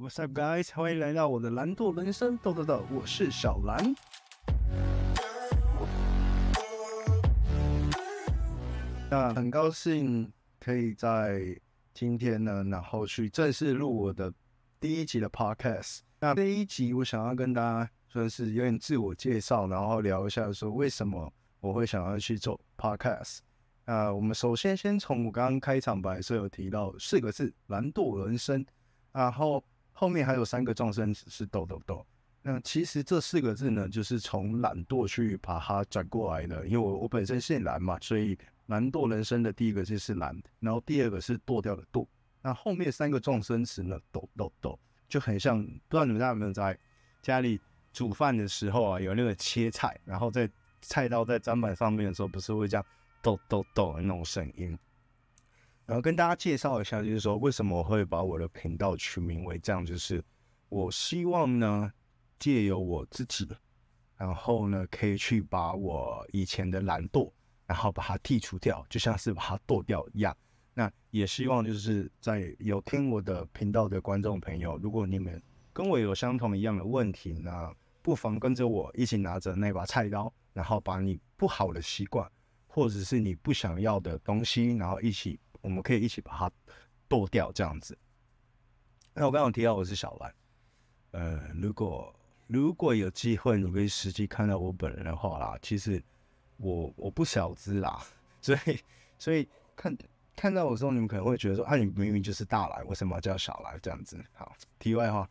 What's up, guys？歡迎來到我的藍剁人生，豆豆豆， 我是小藍。 那很高興可以在今天呢，然後去正式錄我的第一集的 podcast。那第一集我想要跟大家算是有點自我介紹，然後聊一下說為什麼我會想要去做 podcast。啊，我們首先先從我剛剛開場白，所有提到四個字“藍剁人生”，然後。後面還有三個狀聲詞是抖抖抖。那其實這四個字呢，就是從懶惰去把它轉過來的。因為我我本身姓藍嘛，所以藍剁人生的第一個字是藍，然後第二個是剁掉的剁。那後面三個狀聲詞呢，抖抖抖，就很像不知道你們家有沒有在家裡煮飯的時候啊，有那個切菜，然後在菜刀在砧板上面的時候，不是會這樣抖抖抖的那種聲音。然後跟大家介紹一下，就是說，為什麼我會把我的頻道取名為這樣？就是我希望呢，借由我自己，然後呢，可以去把我以前的懶惰，然後把它剔除掉，就像是把它剁掉一樣。那也希望就是在有聽我的頻道的觀眾朋友，如果你們跟我有相同一樣的問題，那不妨跟着我一起拿着那把菜刀，然後把你不好的習慣，或者是你不想要的東西，然後一起。我們可以一起把它剁掉，這樣子。那我剛剛提到我是小藍，呃，如果如果有機會你可以實際看到我本人的話啦，其實我我不小隻啦，所以所以看看到我之後，你們可能會覺得說，啊，你明明就是大藍，為什麼叫小藍這樣子？好，題外話，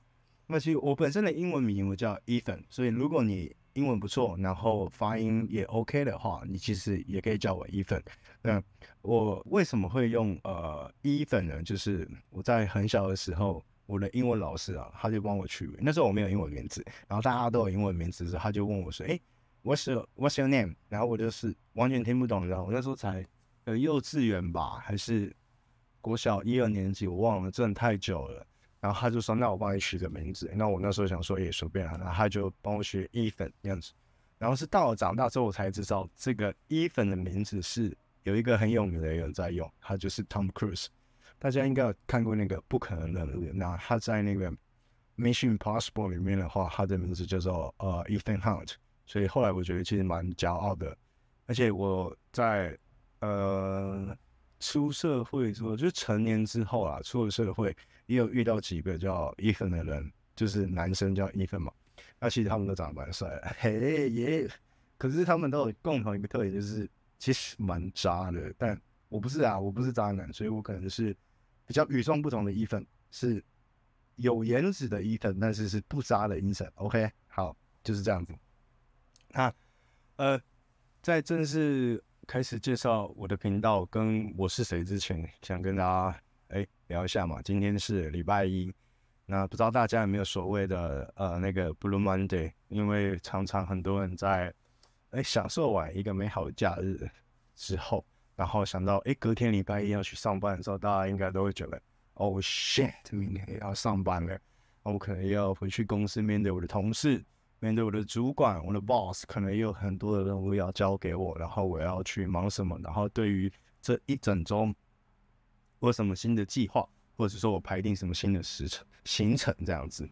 那其實我本身的英文名我叫 Ethan，所以如果你英文不錯，然後發音也 OK 的話，你其實也可以叫我 Effen 那我為什麼會用呃 Effen 呢？就是我在很小的時候，我的英文老師啊，他就幫我取名。那時候我沒有英文名字，然後大家都有英文名字的時候，他就問我說：“誒、hey, what's what's your name？” 然後我就是完全聽不懂，然後我那時候才呃幼稚園吧，還是國小一二年級，我忘了，真的太久了。然後他就說：“那我幫你取個名字。”那我那時候想說也隨便啊。然後他就幫我取 Ethan 這樣子。然後是到了長大之後，我才知道這個 Ethan 的名字是有一個很有名的人在用，他就是 Tom Cruise。大家應該有看過那個《不可能的任務》。他在那個《Mission Impossible 裡面的話，他的名字叫做呃、uh, Ethan Hunt。所以後來我覺得其實蠻驕傲的。而且我在呃。出社會之後，就是成年之後啊，出了社會，也有遇到幾個叫伊粉的人，就是男生叫伊粉嘛。那其實他們都長得蠻帥的嘿，耶。可是他們都有共同一個特點，就是其實蠻渣的。但我不是啊，我不是渣男，所以我可能就是比較與眾不同的伊粉，是有顏值的伊粉，但是是不渣的伊粉。OK，好，就是這樣子。那、啊，呃，在正式。開始介紹我的頻道跟我是誰之前，想跟大家、欸、聊一下嘛。今天是禮拜一，那不知道大家有沒有所謂的呃那個 Blue Monday？因為常常很多人在哎、欸、享受完一個美好的假日之後，然後想到哎、欸、隔天禮拜一要去上班的時候，大家應該都會覺得哦、oh、shit，明天也要上班了，我可能要回去公司面對我的同事。面對我的主管，我的 boss 可能也有很多的任務要交給我，然後我要去忙什麼？然後對於這一整周，我有什麼新的計劃，或者說我排定什麼新的時程行程這樣子？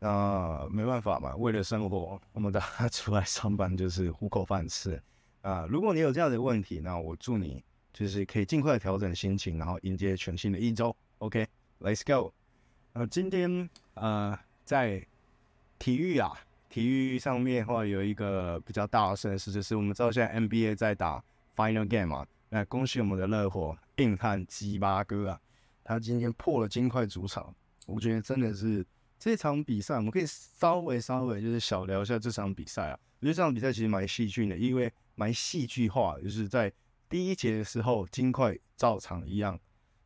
啊、呃，沒辦法嘛，為了生活，我們大家出來上班就是糊口飯吃啊、呃。如果你有這樣的問題，那我祝你就是可以盡快調整心情，然後迎接全新的一周。OK，Let's、okay, go。呃，今天呃在體育啊。體育上面的話有一個比較大的盛事，就是我們知道現在 NBA 在打 Final Game 嘛，啊。那恭喜我們的熱火硬漢吉巴哥啊，他今天破了金塊主場。我覺得真的是這場比賽，我們可以稍微稍微就是小聊一下這場比賽啊。我覺得這場比賽其實蠻戲劇的，因為蠻戲劇化，就是在第一節的時候，金塊照常一樣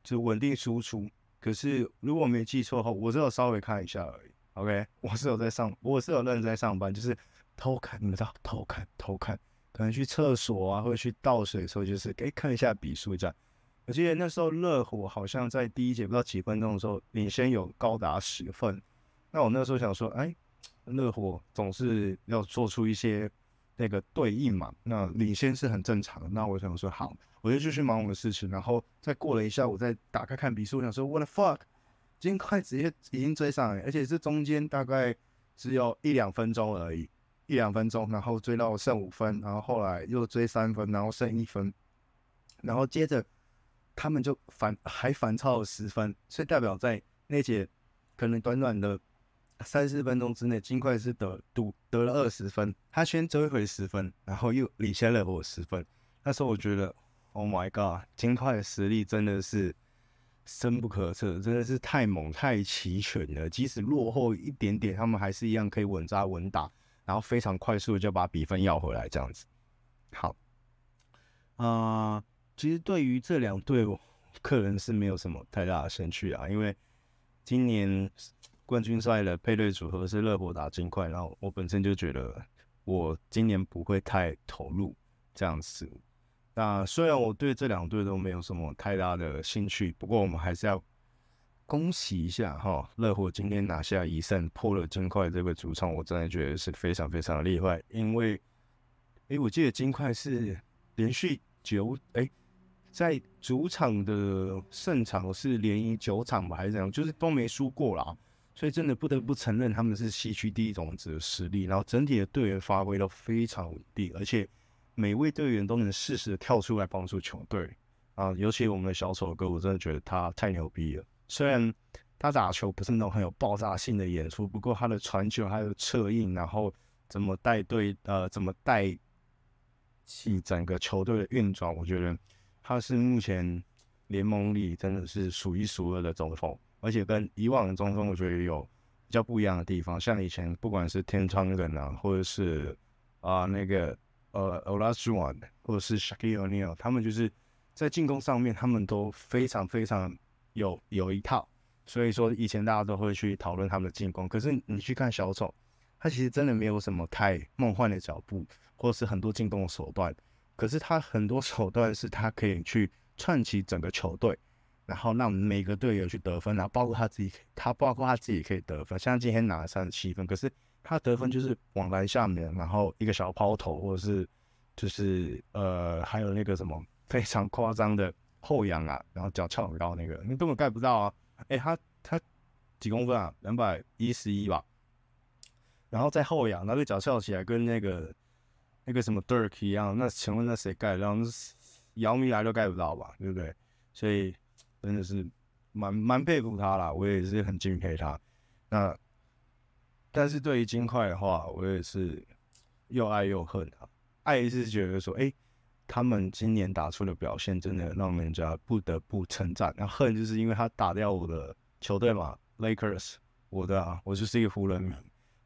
就穩定輸出。可是如果我沒記錯的話，我只有稍微看一下而已。OK，我是有在上，我是有認真在上班，就是偷看，你們知道，偷看，偷看，可能去廁所啊，或者去倒水的時候，所以就是可以看一下筆數這樣。我記得那時候熱火好像在第一節不知道幾分鐘的時候領先有高達十分，那我那時候想說，哎、欸，熱火總是要做出一些那個對應嘛，那領先是很正常的。那我想說，好，我就繼續忙我的事情，然後再過了一下，我再打開看筆數，我想說，What the fuck？金塊直接已經追上來，而且是中間大概只有一兩分鐘而已，一兩分鐘，然後追到剩五分，然後後來又追三分，然後剩一分，然後接着他們就反，還反超了十分，所以代表在那節可能短短的三四分鐘之內，金塊是得賭得了二十分，他先追回十分，然後又領先了我十分，那時候我覺得，Oh my god，金塊的實力真的是。深不可測，真的是太猛太齊全了。即使落後一點點，他們還是一樣可以穩扎穩打，然後非常快速的就把比分要回來。這樣子，好。啊、呃，其實對於這兩隊，我個人是沒有什麼太大的興趣啊，因為今年冠軍賽的配對組合是熱火打金塊，然後我本身就覺得我今年不會太投入這樣子。那雖然我對這兩隊都沒有什麼太大的興趣，不過我們還是要恭喜一下哈，熱火今天拿下一勝，破 了金塊這個主場，我真的覺得是非常非常的厲害。因為，哎、欸，我記得金塊是連續九哎、欸，在主場的勝場是連贏九場吧，還是怎樣，就是都沒輸過啦。所以真的不得不承認，他們是西區第一種子的實力，然後整體的隊員發揮都非常穩定，而且。每位隊員都能適時的跳出來幫助球隊啊，尤其我們的小丑哥，我真的覺得他太牛逼了。雖然他打球不是那種很有爆炸性的演出，不過他的傳球還有策應，然後怎麼帶隊，呃，怎麼帶起整個球隊的運轉，我覺得他是目前聯盟裡真的是數一數二的中鋒，而且跟以往的中鋒，我覺得也有比較不一樣的地方。像以前不管是天窗人啊，或者是啊、呃、那個。呃 Olajuwon 或者是 Shaquille O'Neal，他們就是在進攻上面，他們都非常非常有有一套。所以說，以前大家都會去討論他們的進攻。可是你去看小丑，他其實真的沒有什麼太夢幻的腳步，或者是很多進攻的手段。可是他很多手段是他可以去串起整個球隊，然後讓每個隊友去得分，然後包括他自己，他包括他自己也可以得分，像今天拿了三十七分。可是他得分就是往籃下面，然後一個小拋投，或者是就是呃，還有那個什麼非常誇張的後仰啊，然後腳翹很高那個，你根本蓋不到啊！哎、欸，他他幾公分啊？兩百一十一吧，然後再後仰，那個腳翹起來跟那個那個什麼 Dirk 一樣，那請問那誰蓋，然後姚明來都蓋不到吧，對不對？所以真的是蠻蠻佩服他啦，我也是很敬佩他。那。但是對於金塊的話，我也是又愛又恨啊。愛是覺得說，哎、欸，他們今年打出的表現真的讓人家不得不稱讚。那恨就是因為他打掉我的球隊嘛，Lakers，我的，啊，我就是一個湖人迷。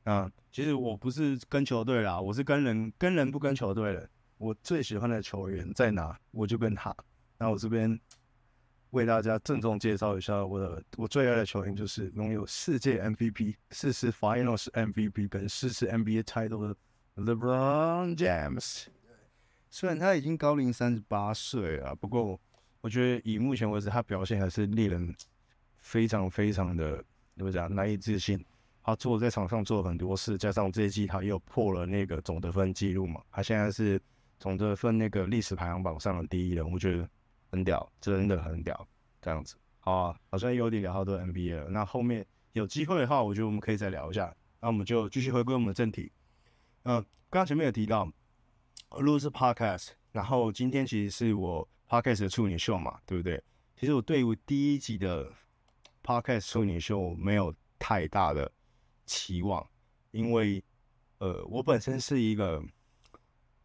那其實我不是跟球隊啦、啊，我是跟人，跟人不跟球隊的。我最喜歡的球員在哪？我就跟他。那我這邊。為大家鄭重介紹一下我的，我最愛的球星，就是擁有世界 MVP、四次 Finals MVP 跟四次 NBA Title 的 LeBron James。雖然他已經高齡三十八歲了，不過我覺得以目前為止他表現還是令人非常非常的怎麼講難以置信。他做在場上做了很多事，加上這一季他又破了那個總得分記錄嘛，他現在是總得分那個歷史排行榜上的第一人。我覺得。很屌，真的很屌，這樣子，好啊，好像有點聊到 NBA 了。那後面有機會的話，我覺得我們可以再聊一下。那我們就繼續回歸我們的正題。嗯、呃，剛剛前面有提到，Lose Podcast，然後今天其實是我 Podcast 的處女秀嘛，對不對？其實我對於第一集的 Podcast 處女秀沒有太大的期望，因為呃，我本身是一個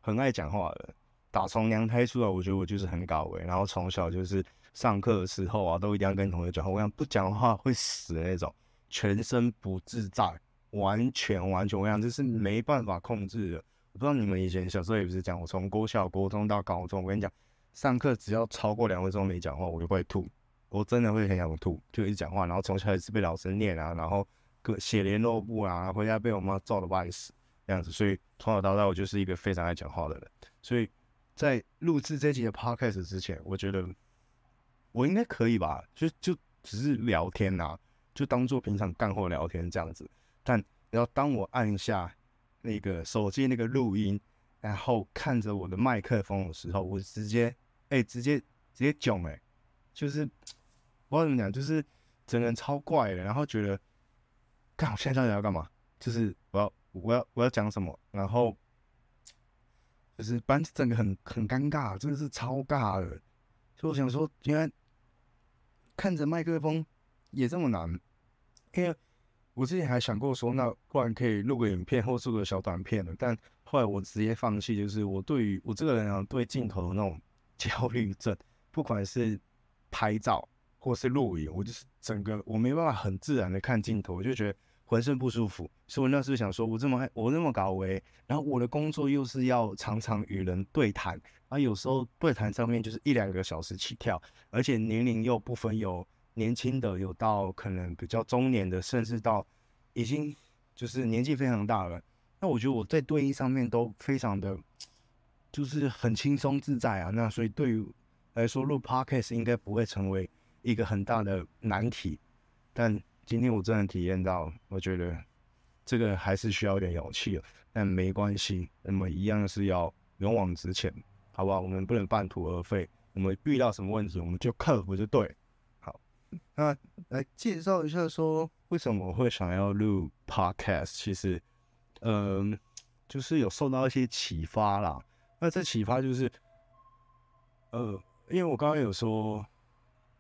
很愛講話的人。打從娘胎出來，我覺得我就是很搞維、欸，然後從小就是上課的時候啊，都一定要跟同學講話。我想不講話會死的那種，全身不自在，完全完全，我想這是沒辦法控制的。我不知道你們以前小時候也不是講，我從國小國中到高中，我跟你講，上課只要超過兩分鐘沒講話，我就會吐，我真的會很想吐，就一直講話。然後從小一直被老師念啊，然後寫聯絡簿啊，回家被我媽揍的半死這樣子。所以從小到大，我就是一個非常愛講話的人，所以。在錄製這集的 podcast 之前，我覺得我應該可以吧，就就只是聊天吶、啊，就當做平常幹活聊天這樣子。但然後當我按下那個手機那個錄音，然後看着我的麥克風的時候，我直接哎、欸，直接直接囧哎、欸，就是不知道怎麼講，就是整個人超怪的。然後覺得，看我現在要要幹嘛，就是我要我要我要講什麼，然後。就是反正整個很很尷尬，真的是超尬的，所以我想說，因為看着麥克風也這麼難，因為我之前還想過說，那不然可以錄個影片或做個小短片了，但後來我直接放棄。就是我對於我這個人啊，對鏡頭的那種焦慮症，不管是拍照或是錄影，我就是整個我沒辦法很自然的看鏡頭，我就覺得。渾身不舒服，所以我那時候想說，我這麼愛我這麼搞維，然後我的工作又是要常常與人對談，啊，有時候對談上面就是一兩個小時起跳，而且年齡又不分有年輕的，有到可能比較中年的，甚至到已經就是年紀非常大了，那我覺得我在對應上面都非常的，就是很輕鬆自在啊，那所以對於來說，錄 podcast 應該不會成為一個很大的難題，但。今天我真的體驗到，我覺得這個還是需要一點勇氣的，但沒關係，我們一樣是要勇往直前，好吧？我們不能半途而廢。我們遇到什麼問題，我們就克服就對。好，那來介紹一下，說為什麼我會想要錄 Podcast。其實，嗯、呃，就是有受到一些啟發啦。那這啟發就是，呃，因為我剛剛有說，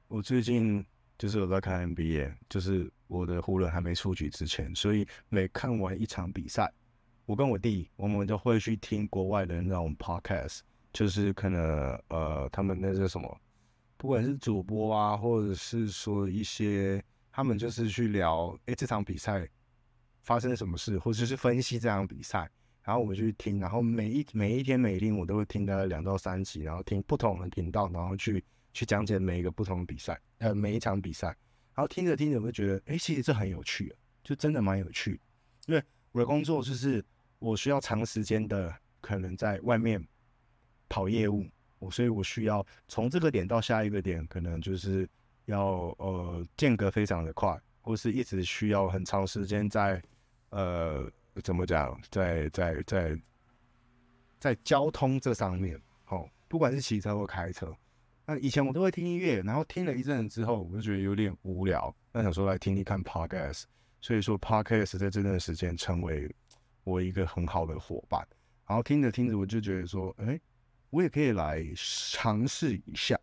我最近。就是我在看 NBA，就是我的湖人還沒出局之前，所以每看完一場比賽，我跟我弟我們都會去聽國外的那種 podcast，就是可能呃他們那些什麼，不管是主播啊，或者是說一些他們就是去聊，誒，這場比賽發生了什麼事，或者是，是分析這場比賽，然後我們去聽，然後每一每一天每一天我都會聽個兩到三集，然後聽不同的頻道，然後去。去講解每一個不同的比賽，呃，每一場比賽，然後聽着聽着，我就覺得，哎，其實這很有趣啊，就真的蠻有趣。因為我的工作就是我需要長時間的可能在外面跑業務，我所以我需要從這個點到下一個點，可能就是要呃間隔非常的快，或是一直需要很長時間在呃怎麼講，在在在在交通這上面，哦，不管是騎車或開車。那以前我都會聽音樂，然後聽了一陣子之後，我就覺得有點無聊，那想說來聽一看 Podcast，所以說 Podcast 在這段時間成為我一個很好的夥伴。然後聽着聽着，我就覺得說，哎，我也可以來嘗試一下，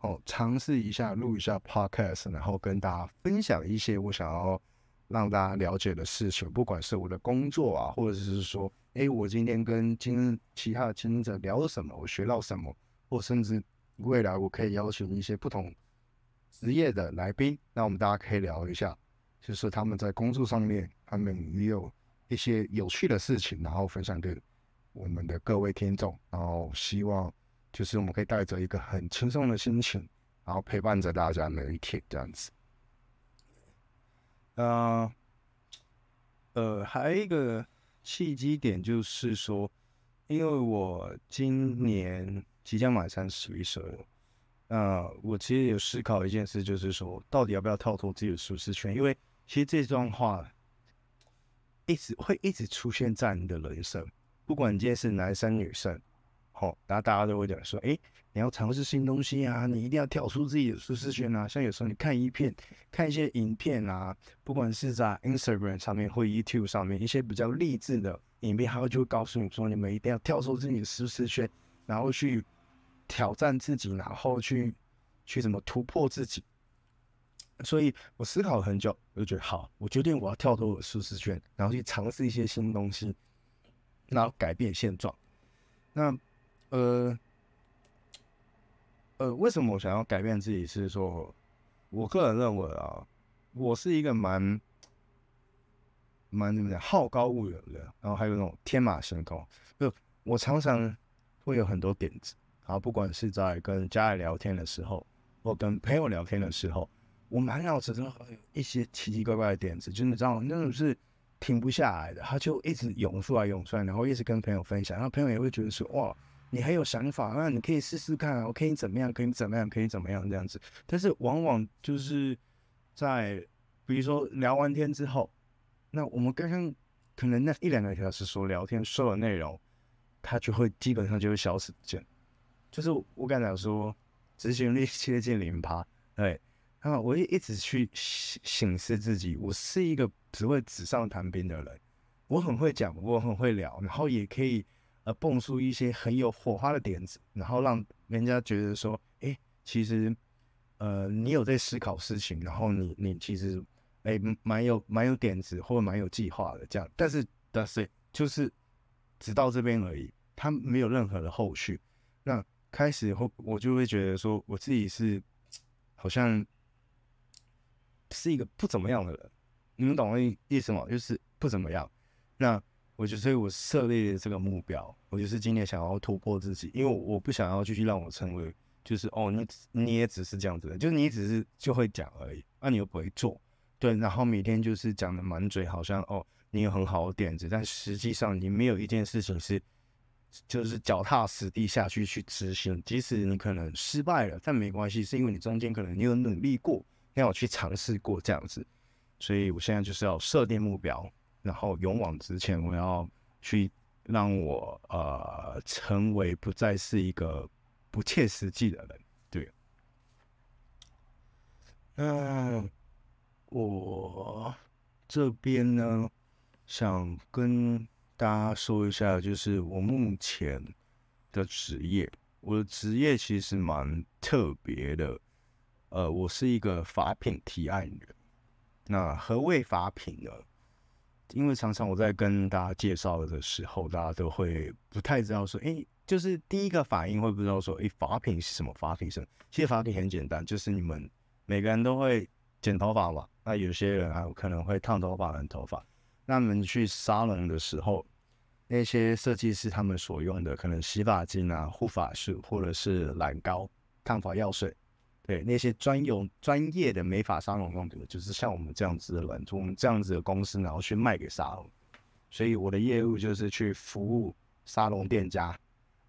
哦，嘗試一下錄一下 Podcast，然後跟大家分享一些我想要讓大家了解的事情，不管是我的工作啊，或者是說，哎，我今天跟今日其他的傾聽者聊了什麼，我學到什麼，或甚至。未來我可以邀請一些不同職業的來賓，那我們大家可以聊一下，就是他們在工作上面，他們也有一些有趣的事情，然後分享給我們的各位聽眾。然後希望就是我們可以帶着一個很輕鬆的心情，然後陪伴着大家每一天這樣子呃。呃，還有一個契機點就是說，因為我今年、嗯。即將滿三十一歲，那、呃、我其實有思考一件事，就是說，到底要不要跳脫自己的舒適圈？因為其實這段話一直會一直出現在你的人生，不管你今天是男生女生，好、哦，然後大家都會講說：“誒，你要嘗試新東西啊，你一定要跳出自己的舒適圈啊。”像有時候你看一片看一些影片啊，不管是在 Instagram 上面或 YouTube 上面一些比較勵志的影片，他就會告訴你說：“你們一定要跳出自己的舒適圈。”然後去挑戰自己，然後去去怎麼突破自己。所以我思考很久，我就覺得好，我決定我要跳脫我的舒適圈，然後去嘗試一些新東西，然後改變現狀。那呃呃，為什麼我想要改變自己？是說，我個人認為啊，我是一個蠻蠻怎麼講，好高騖遠的，然後還有那種天馬行空。就我常常。會有很多點子，然後，不管是在跟家人聊天的時候，或跟朋友聊天的時候，我滿腦子都會有一些奇奇怪怪的點子，就是你知道那種是停不下來的，他就一直湧出來湧出來，然後一直跟朋友分享，然後朋友也會覺得說，哇，你很有想法，那你可以試試看，我可以怎麼樣，可以怎麼樣，可以怎麼樣這樣子。但是往往就是在比如說聊完天之後，那我們剛剛可能那一兩個小時所聊天說的內容。他就會基本上就會消失不見，就是我敢講說，執行力接近零趴。對，那我一一直去警示自己，我是一個只會紙上談兵的人。我很會講，我很會聊，然後也可以呃蹦出一些很有火花的點子，然後讓人家覺得說，誒、欸，其實呃你有在思考事情，然後你你其實誒蠻、欸、有蠻有點子，或者蠻有計劃的這樣。但是但是就是。直到這邊而已，他沒有任何的後續。那開始後，我就會覺得說，我自己是好像是一個不怎麼樣的人。你們懂我意意思嗎？就是不怎麼樣。那我就所以，我設立了這個目標，我就是今年想要突破自己，因為我不想要繼續讓我成為就是哦，你你也只是這樣子的，就是你只是就會講而已，那、啊、你又不會做。對，然後每天就是講得滿嘴，好像哦。你有很好的點子，但實際上你沒有一件事情是就是腳踏實地下去去執行。即使你可能失敗了，但沒關係，是因為你中間可能你有努力過，你要我去嘗試過這樣子。所以，我現在就是要設定目標，然後勇往直前。我要去讓我呃成為不再是一個不切實際的人。對，那我這邊呢，想跟大家說一下，就是我目前的職業，我的職業其實蠻特別的。呃，我是一個髮品提案人。那何謂髮品呢？因為常常我在跟大家介紹的時候，大家都會不太知道，說，誒，就是第一個反應會不知道，說，誒，髮品是什麼？髮品是什麼？其實髮品很簡單，就是你們每個人都會剪頭髮嘛。那有些人啊，可能會燙頭髮、染頭髮。那他們去沙龍的時候，那些設計師他們所用的，可能洗髮精啊、護髮素，或者是染膏、燙髮藥水，對那些專用專業的美髮沙龍用的，就是像我們這樣子的，我們這樣子的公司，然後去賣給沙龍。所以我的業務就是去服務沙龍店家，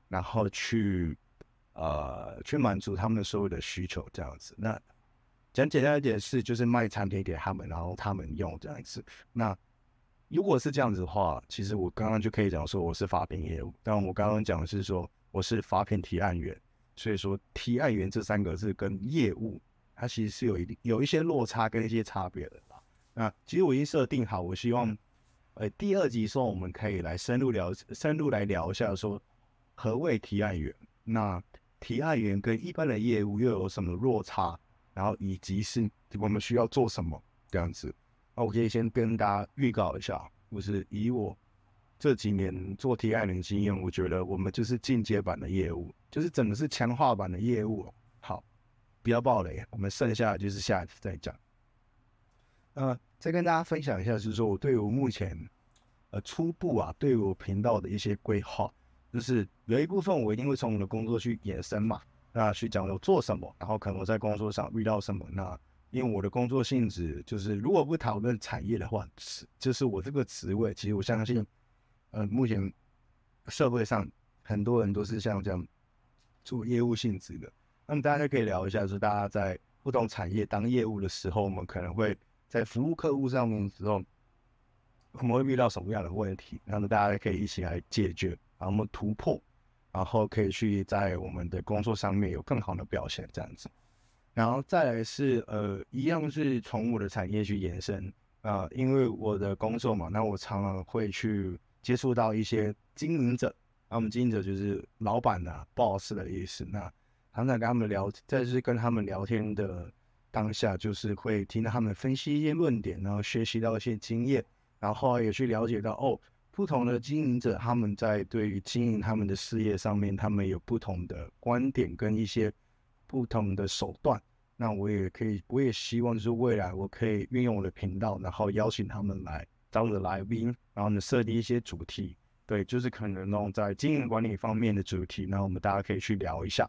然後去呃，去滿足他們所有的需求這樣子。那講簡單一點是，就是賣產品給他們，然後他們用這樣子。那如果是這樣子的話，其實我剛剛就可以講說我是髮片業務，但我剛剛講的是說我是髮片提案員，所以說提案員這三個字跟業務，它其實是有一定有一些落差跟一些差別的。那其實我已經設定好，我希望，呃，第二集的時候我們可以來深入聊，深入來聊一下說何謂提案員，那提案員跟一般的業務又有什麼落差，然後以及是我們需要做什麼這樣子。OK 我可以先跟大家預告一下，我是以我這幾年做 T I N 的經驗，我覺得我們就是進階版的業務，就是整個是強化版的業務。好，不要暴雷，我們剩下的就是下一次再講。呃，再跟大家分享一下，就是說我對我目前呃初步啊對我頻道的一些規劃，就是有一部分我一定會從我的工作去延伸嘛，那去講我做什麼，然後可能我在工作上遇到什麼那。因為我的工作性質就是，如果不討論產業的話，是就是我這個職位。其實我相信，呃，目前社會上很多人都是像這樣做業務性質的。那麼大家可以聊一下，就是大家在不同產業當業務的時候，我們可能會在服務客戶上面的時候，我們會遇到什麼樣的問題？然後大家可以一起來解決，然後突破，然後可以去在我們的工作上面有更好的表現，這樣子。然後再來是呃，一樣是從我的產業去延伸啊，呃，因為我的工作嘛，那我常常會去接觸到一些經營者，那我們經營者就是老闆啊 boss 的意思。那常常跟他們聊，再就是跟他們聊天的當下，就是會聽到他們分析一些論點，然後學習到一些經驗，然後也去了解到哦，不同的經營者他們在對於經營他們的事業上面，他們有不同的觀點跟一些。不同的手段，那我也可以，我也希望就是未來我可以運用我的頻道，然後邀請他們來當我的來賓，然後呢，設定一些主題，對，就是可能呢在經營管理方面的主題，那我們大家可以去聊一下。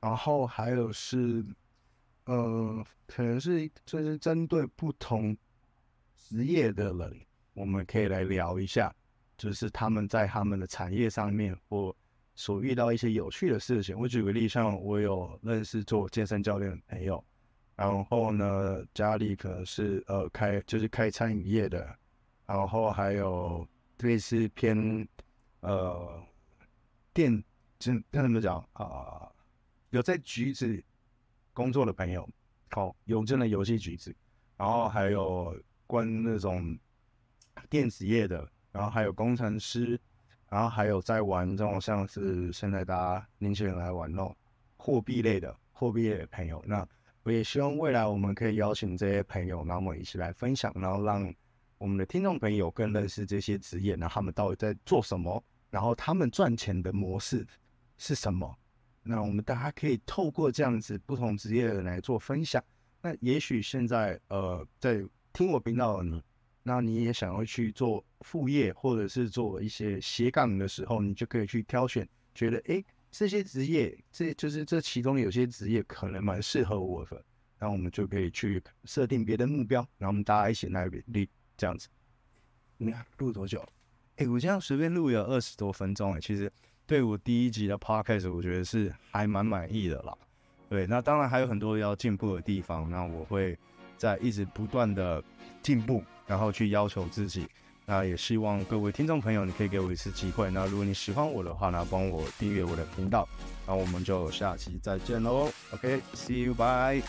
然後還有是，呃，可能是就是針對不同職業的人，我們可以來聊一下，就是他們在他們的產業上面或。所遇到一些有趣的事情，我舉個例子，像我有認識做健身教練的朋友，然後呢，家裡可能是呃開就是開餐飲業的，然後還有特別是偏呃電，就跟他們講啊，有在橘子工作的朋友，好永正的遊戲橘子，然後還有關那種電子業的，然後還有工程師。然後還有在玩這種像是現在大家年輕人來玩那種貨幣類的貨幣類的朋友，那我也希望未來我們可以邀請這些朋友，然後我們一起來分享，然後讓我們的聽眾朋友更認識這些職業，那他們到底在做什麼，然後他們賺錢的模式是什麼？那我們大家可以透過這樣子不同職業的人來做分享。那也許現在呃在聽我頻道的你。那你也想要去做副業，或者是做一些斜槓的時候，你就可以去挑選，覺得哎、欸，這些職業，這就是這其中有些職業可能蠻適合我的。那我們就可以去設定別的目標，然後我們大家一起來努力，這樣子。你看錄多久？哎、欸，我這樣隨便錄有二十多分鐘，誒，其實對我第一集的 podcast 我覺得是還蠻滿意的啦。對，那當然還有很多要進步的地方，那我會。在一直不斷的進步，然後去要求自己，那也希望各位聽眾朋友，你可以給我一次機會。那如果你喜歡我的話呢，幫我訂閱我的頻道，那我們就下期再見嘍。OK，see you bye。